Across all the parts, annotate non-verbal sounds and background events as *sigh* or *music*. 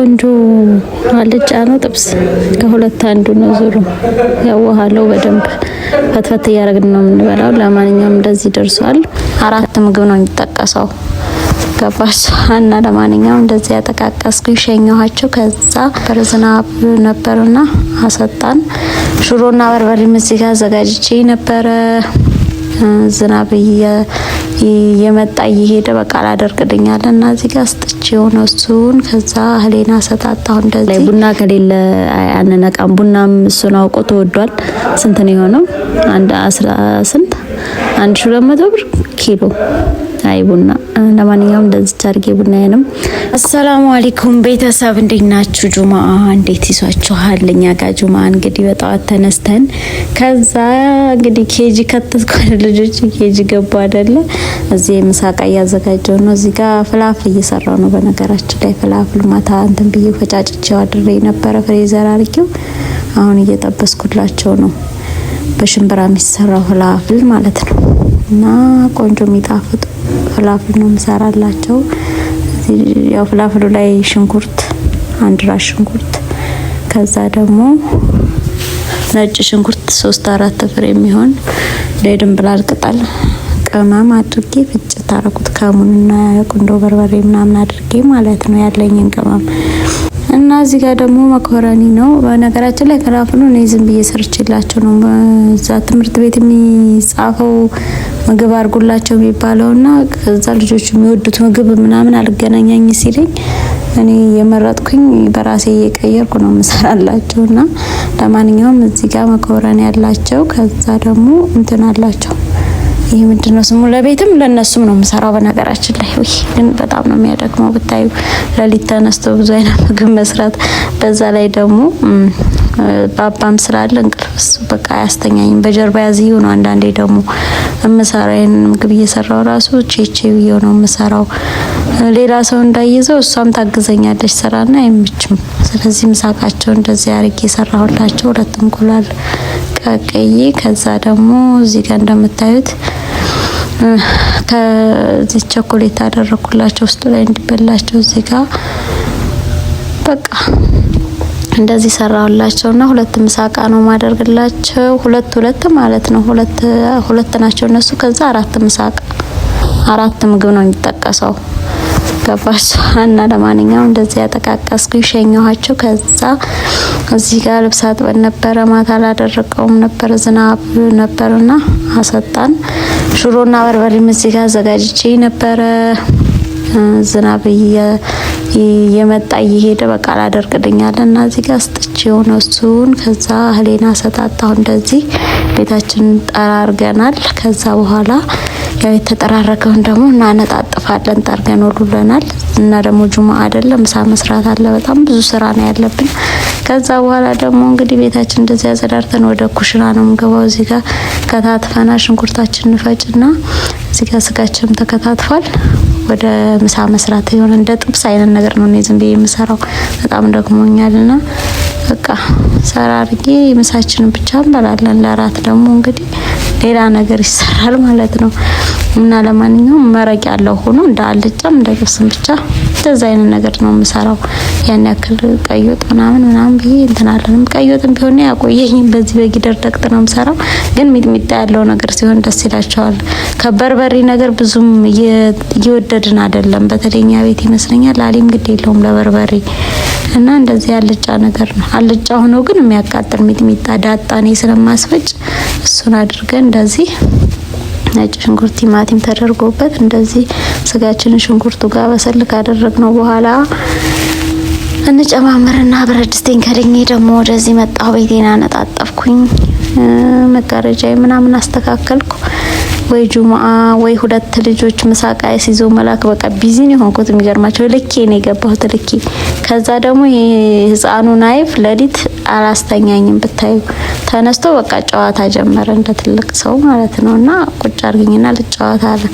ቆንጆ አልጫ ነው። ጥብስ ከሁለት አንዱ ነው። ዙሩ ያዋሃለው በደንብ ፈትፈት እያደረግን ነው የምንበላው። ለማንኛውም እንደዚህ ደርሷል። አራት ምግብ ነው የሚጠቀሰው ገባች እና ለማንኛውም እንደዚህ ያጠቃቀስኩ ሸኘኋቸው። ከዛ በርዝናብ ነበርና አሰጣን። ሽሮና በርበሬም እዚህ ጋር አዘጋጅቼ ነበረ። ዝናብ እየመጣ እየሄደ በቃ ላደርቅልኛል እና እዚህ ጋር የሆነ እሱን ከዛ ህሌና ሰጣጣሁ እንደዚህ ቡና ከሌለ አንነቃም። ቡናም እሱን አውቆ ተወዷል። ስንት ነው የሆነው? አንድ አስራ ስንት አንድ ሺ ሁለት መቶ ብር ኪሎ አይ ቡና። ለማንኛውም እንደዚህ አድርጌ ቡናዬንም። አሰላሙ አለይኩም ቤተሰብ እንዴት ናችሁ? ጁማ እንዴት ይዟችኋል? እኛ ጋር ጁማ እንግዲህ በጠዋት ተነስተን ከዛ እንግዲህ ኬጂ ከተትኩ *laughs* ልጆች ኬጂ ገቡ አይደለ? እዚህ ምሳቃ እያዘጋጀው ነው። እዚህ ጋር ፍላፍል እየሰራው ነው በነገራችን ላይ ፍላፍል ማታ እንትን ብዬ ፈጫጭቼው አድሬ ነበረ ፍሬዘር አርጌው አሁን እየጠበስኩላቸው ነው። በሽምብራ የሚሰራው ፍላፍል ማለት ነው እና ቆንጆ የሚጣፍጥ ፍላፍል ነው የምሰራላቸው። ያው ፍላፍሉ ላይ ሽንኩርት አንድ ራስ ሽንኩርት ከዛ ደግሞ ነጭ ሽንኩርት ሶስት አራት ፍሬ የሚሆን ለድንብላል ቅጠል ቅመም አድርጌ ፍጭት አረኩት። ከሙንና ቁንዶ በርበሬ ምናምን አድርጌ ማለት ነው ያለኝን ቅመም እና እዚህ ጋር ደግሞ መኮረኒ ነው። በነገራችን ላይ ፍላፍሉ እኔ ዝም ብዬ ሰርችላቸው ነው እዛ ትምህርት ቤት የሚጻፈው ምግብ አድርጉላቸው የሚባለው እና ከዛ ልጆች የሚወዱት ምግብ ምናምን አልገናኛኝ ሲለኝ እኔ የመረጥኩኝ በራሴ እየቀየርኩ ነው ምሰራላቸው እና ለማንኛውም እዚህ ጋር መኮረኒ ያላቸው ከዛ ደግሞ እንትን አላቸው ይህ ምንድን ነው ስሙ? ለቤትም ለእነሱም ነው የምሰራው። በነገራችን ላይ ውይ ግን በጣም ነው የሚያደግመው ብታዩ። ለሊት ተነስቶ ብዙ አይነት *laughs* ምግብ መስራት፣ በዛ ላይ ደግሞ ባባም ስላለ እንቅልፍ በቃ አያስተኛኝም። በጀርባ ያዝ ነው። አንዳንዴ ደግሞ የምሰራው ይህን ምግብ እየሰራው ራሱ ቼቼ ብዬው ነው የምሰራው። ሌላ ሰው እንዳይዘው እሷም ታግዘኛለች። ስራና አይመችም። ስለዚህ ምሳቃቸው እንደዚህ አርግ የሰራሁላቸው ሁለት እንቁላል ቀቅዬ ከዛ ደግሞ እዚህ ጋር እንደምታዩት ከዚህ ቸኮሌት አደረኩላቸው ውስጡ ላይ እንዲበላቸው። እዚህ ጋር በቃ እንደዚህ ሰራሁላቸው እና ሁለት ምሳቃ ነው ማደርግላቸው። ሁለት ሁለት ማለት ነው። ሁለት ሁለት ናቸው እነሱ። ከዛ አራት ምሳቃ አራት ምግብ ነው የሚጠቀሰው። ገባች እና ለማንኛውም እንደዚህ ያጠቃቀስኩ ይሸኘኋቸው ከዛ እዚህ ጋር ልብስ አጥበን ነበረ። ማታ ላደረቀውም ነበር ዝናብ ነበርና አሰጣን። ሽሮና በርበሬም እዚህ ጋር አዘጋጅቼ ነበረ። ዝናብ እየመጣ እየሄደ በቃ ላደርቅልኛል እና እዚህ ጋር ስጥቼ የሆነ እሱን ከዛ ህሌና ሰጣጣሁ። እንደዚህ ቤታችን ጠራርገናል። ከዛ በኋላ ያው የተጠራረገውን ደግሞ እናነጣጥፋለን። ጠርገን ወሉለናል እና ደግሞ ጁማ አይደለም ምሳ መስራት አለ። በጣም ብዙ ስራ ነው ያለብን። ከዛ በኋላ ደግሞ እንግዲህ ቤታችን እንደዚህ አዘዳርተን ወደ ኩሽና ነው የምንገባው። እዚህ ጋር ከታትፈና ሽንኩርታችን እንፈጭና እዚህ ጋር ስጋችንም ተከታትፏል። ወደ ምሳ መስራት የሆነ እንደ ጥብስ አይነት ነገር ነው እኔ ዝም ብዬ የምሰራው። በጣም ና በቃ ሰራ አድርጌ ምሳችንን ብቻ እንበላለን። ለራት ደግሞ እንግዲህ ሌላ ነገር ይሰራል ማለት ነው እና ለማንኛውም መረቅ ያለው ሆኖ እንደ አልጫም እንደ ጥብስም ብቻ እንደዛ አይነት ነገር ነው የምሰራው። ያን ያክል ቀይ ወጥ ምናምን ምናምን ብዬ እንትን አለንም። ቀይ ወጥም ቢሆን ያቆየኝ በዚህ በጊደር ደቅጥ ነው የምሰራው። ግን ሚጥሚጣ ያለው ነገር ሲሆን ደስ ይላቸዋል። ከበርበሬ ነገር ብዙም እየወደድን አይደለም። በተለኛ ቤት ይመስለኛል አሊም ግድ የለውም ለበርበሬ እና እንደዚህ አልጫ ነገር ነው። አልጫ ሆኖ ግን የሚያቃጥል ሚጥሚጣ ዳጣኔ ስለማስፈጭ እሱን አድርገን እንደዚህ ነጭ ሽንኩርት፣ ቲማቲም ተደርጎበት እንደዚህ ስጋችንን ሽንኩርቱ ጋር በሰል ካደረግነው በኋላ እንጨማምርና ብረት ድስቴን ከድኜ ደግሞ ወደዚህ መጣሁ። ቤቴን አነጣጠፍኩኝ፣ መጋረጃ ምናምን አስተካከልኩ። ወይ ጁማአ ወይ ሁለት ልጆች ምሳቃ ሲዞ መላክ በቃ ቢዚ ነው የሆንኩት። የሚገርማቸው ልኬ ነው የገባሁት ልኬ ከዛ ደግሞ የህፃኑ ናይፍ ለሊት አላስተኛኝም ብታዩ ተነስቶ በቃ ጨዋታ ጀመረ እንደ ትልቅ ሰው ማለት ነው። እና ቁጭ አርግኝና ልጨዋታ አለ።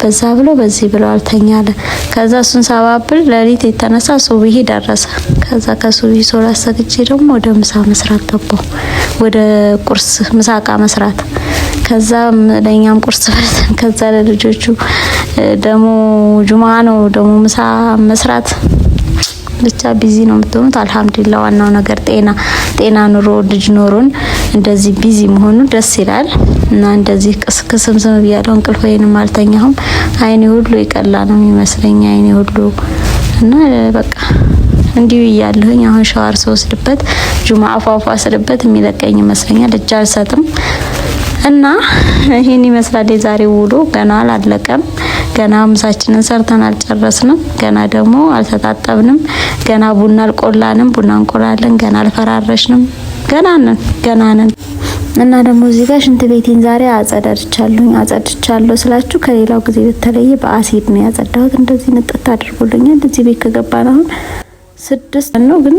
በዛ ብሎ በዚህ ብሎ አልተኛ አለ። ከዛ እሱን ሰባብል ለሊት የተነሳ ሱብሂ ደረሰ። ከዛ ከሱብሂ ሶላት ሰግጄ ደግሞ ወደ ምሳ መስራት ገባሁ። ወደ ቁርስ ምሳቃ መስራት ከዛ ለእኛም ቁርስ በልተን ከዛ ለልጆቹ ደግሞ ጁማ ነው ደግሞ ምሳ መስራት ብቻ ቢዚ ነው የምትሆኑት። አልሐምዱሊላ ዋናው ነገር ጤና ጤና ኑሮ ልጅ ኖሮን እንደዚህ ቢዚ መሆኑ ደስ ይላል እና እንደዚህ ቅስክስምስም ብያለሁ። እንቅልፍ ወይንም አልተኛሁም። አይኔ ሁሉ ይቀላ ነው የሚመስለኝ አይኔ ሁሉ እና በቃ እንዲሁ እያለሁኝ አሁን ሸዋር ስወስድበት ጁማ አፏፏ ስልበት የሚለቀኝ ይመስለኛል። እጅ አልሰጥም። እና ይሄን ይመስላል የዛሬው ውሎ። ገና አላለቀም። ገና ምሳችንን ሰርተን አልጨረስንም። ገና ደግሞ አልተጣጠብንም። ገና ቡና አልቆላንም። ቡና እንቆላለን። ገና አልፈራረሽንም። ገና ነን፣ ገና ነን። እና ደግሞ እዚህ ጋር ሽንት ቤቴን ዛሬ አጸደድቻለሁኝ። አጸድቻለሁ ስላችሁ ከሌላው ጊዜ በተለየ በአሲድ ነው ያጸዳሁት። እንደዚህ ንጥት አድርጎልኛል። እዚህ ቤት ከገባን አሁን ስድስት ነው። ግን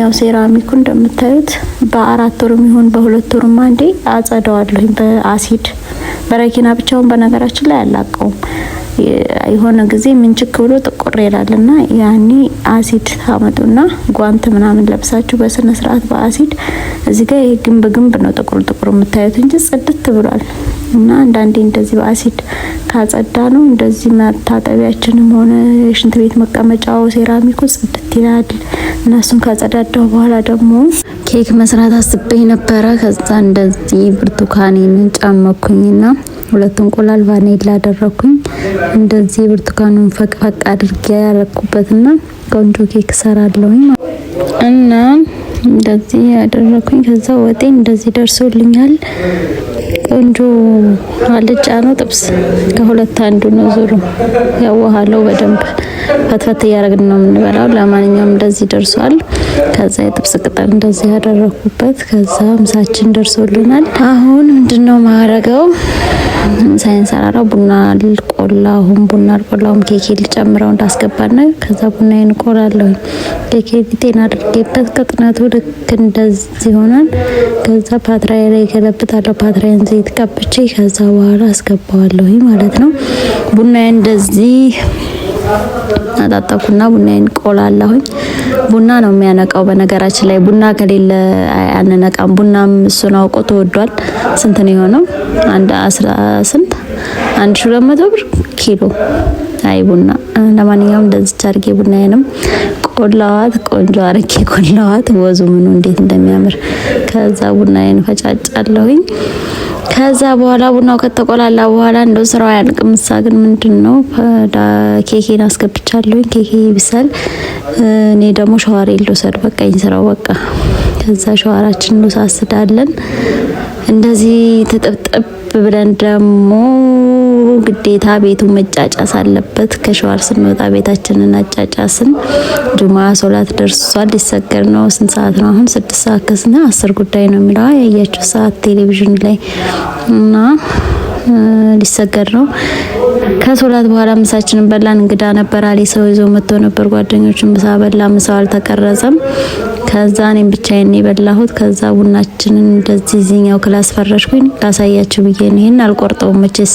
ያው ሴራሚኩ እንደምታዩት በአራት ወርም ይሁን በሁለት ወርም አንዴ አጸደዋለሁኝ በአሲድ በረኪና ብቻውን በነገራችን ላይ አላቀውም። የሆነ ጊዜ ምንችክ ብሎ ጥቁር እና ያኔ አሲድ አመጡና ጓንት ምናምን ለብሳችሁ በስነ ስርዓት በአሲድ እዚህ ጋር ይሄ ግንብ ግንብ ነው ጥቁር ጥቁር የምታዩት እንጂ ጽድት ብሏል። እና አንዳንዴ እንደዚህ በአሲድ ካጸዳ ነው እንደዚህ መታጠቢያችንም ሆነ የሽንት ቤት መቀመጫው ሴራሚኩ ጽድት ይላል። እነሱን ካጸዳዳው በኋላ ደግሞ ኬክ መስራት አስቤ ነበረ። ከዛ እንደዚህ ብርቱካኔን ጫመኩኝና ሁለት እንቁላል ቫኔላ አደረኩኝ። እንደዚህ ብርቱካኑን ፈቅፈቅ አድርጌ ያረኩበትና ቆንጆ ኬክ ሰራለሁ እና እንደዚህ ያደረኩኝ ከዛ ወጤ እንደዚህ ደርሶልኛል። ቆንጆ አልጫ ነው። ጥብስ ከሁለት አንዱ ነው። ዙሩ ያዋሃለው በደንብ ፈትፈት እያደረግን ነው የምንበላው። ለማንኛውም እንደዚህ ደርሷል። ከዛ የጥብስ ቅጠል እንደዚህ ያደረኩበት። ከዛ ምሳችን ደርሶልናል። አሁን ምንድነው ማረገው? ሳይንሰራራ ቡና አልቆላሁም። ቡና አልቆላሁም። ኬኬ ልጨምረው እንዳስገባና ከዛ ቡና ይንቆላለሁ። ኬኬ ፊቴን አድርጌበት ቅጥነቱ ልክ እንደዚህ ይሆናል። ከዛ ፓትራዬ ላይ ገለብጣለሁ። ፓትራዬን ዘይት ዘይት ቀብቼ ከዛ በኋላ አስገባዋለሁ ማለት ነው። ቡናዬ እንደዚህ አጣጣኩና ቡናዬን ቆላላሁኝ። ቡና ነው የሚያነቃው። በነገራችን ላይ ቡና ከሌለ አንነቃም። ቡናም እሱን አውቆ ተወዷል። ስንት ነው የሆነው? አንድ አስራ ስንት አንድ ሺህ ሁለት መቶ ብር ኪሎ። አይ ቡና ለማንኛውም እንደዚች አድርጌ ቡናዬንም ቆላዋት፣ ቆንጆ አርጌ ቆላዋት። ወዙ ምኑ እንዴት እንደሚያምር ከዛ ቡናዬን ፈጫጫለሁኝ። ከዛ በኋላ ቡናው ከተቆላላ በኋላ እንደው ስራው ያልቅም። እሳ ግን ምንድን ነው ኬኬን አስገብቻለሁኝ። ኬኬ ይብሳል። እኔ ደግሞ ሸዋር ልውሰድ በቃኝ። ስራው በቃ ከዛ ሸዋራችን እንወሳስዳለን። እንደዚህ ተጠብጠብ ብለን ደግሞ ግዴታ ቤቱ መጫጫስ አለበት። ከሸዋር ስንወጣ ቤታችንን አጫጫስን። ጁማ ሶላት ደርሷል፣ ሊሰገድ ነው። ስንት ሰዓት ነው አሁን? ስድስት ሰዓት ከስና አስር ጉዳይ ነው የሚለዋ ያያችሁ ሰዓት ቴሌቪዥን ላይ እና ሊሰገድ ነው። ከሶላት በኋላ ምሳችንን በላን። እንግዳ ነበር አሌ ሰው ይዞ መጥቶ ነበር። ጓደኞቹን ምሳ በላ። ምሳው አልተቀረጸም። ከዛ እኔም ብቻዬን የበላሁት። ከዛ ቡናችንን እንደዚህ ዚኛው ክላስ ፈረሽኩኝ ላሳያችሁ ብዬ ነው። ይሄን አልቆርጠውም መቼስ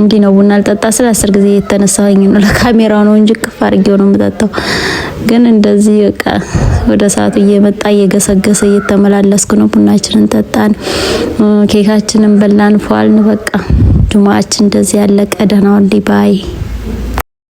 እንዲህ ነው ቡና አልጠጣ ስለ አስር ጊዜ የተነሳኝ ነው። ለካሜራው ነው እንጂ ቅፍ አድርጌው ነው የምጠጣው። ግን እንደዚህ በቃ ወደ ሰዓቱ እየመጣ እየገሰገሰ እየተመላለስኩ ነው። ቡናችንን ጠጣን፣ ኬካችንን በላን፣ ፏልን። በቃ ጁማችን እንደዚህ ያለቀ። ደህና ዋሉ ባይ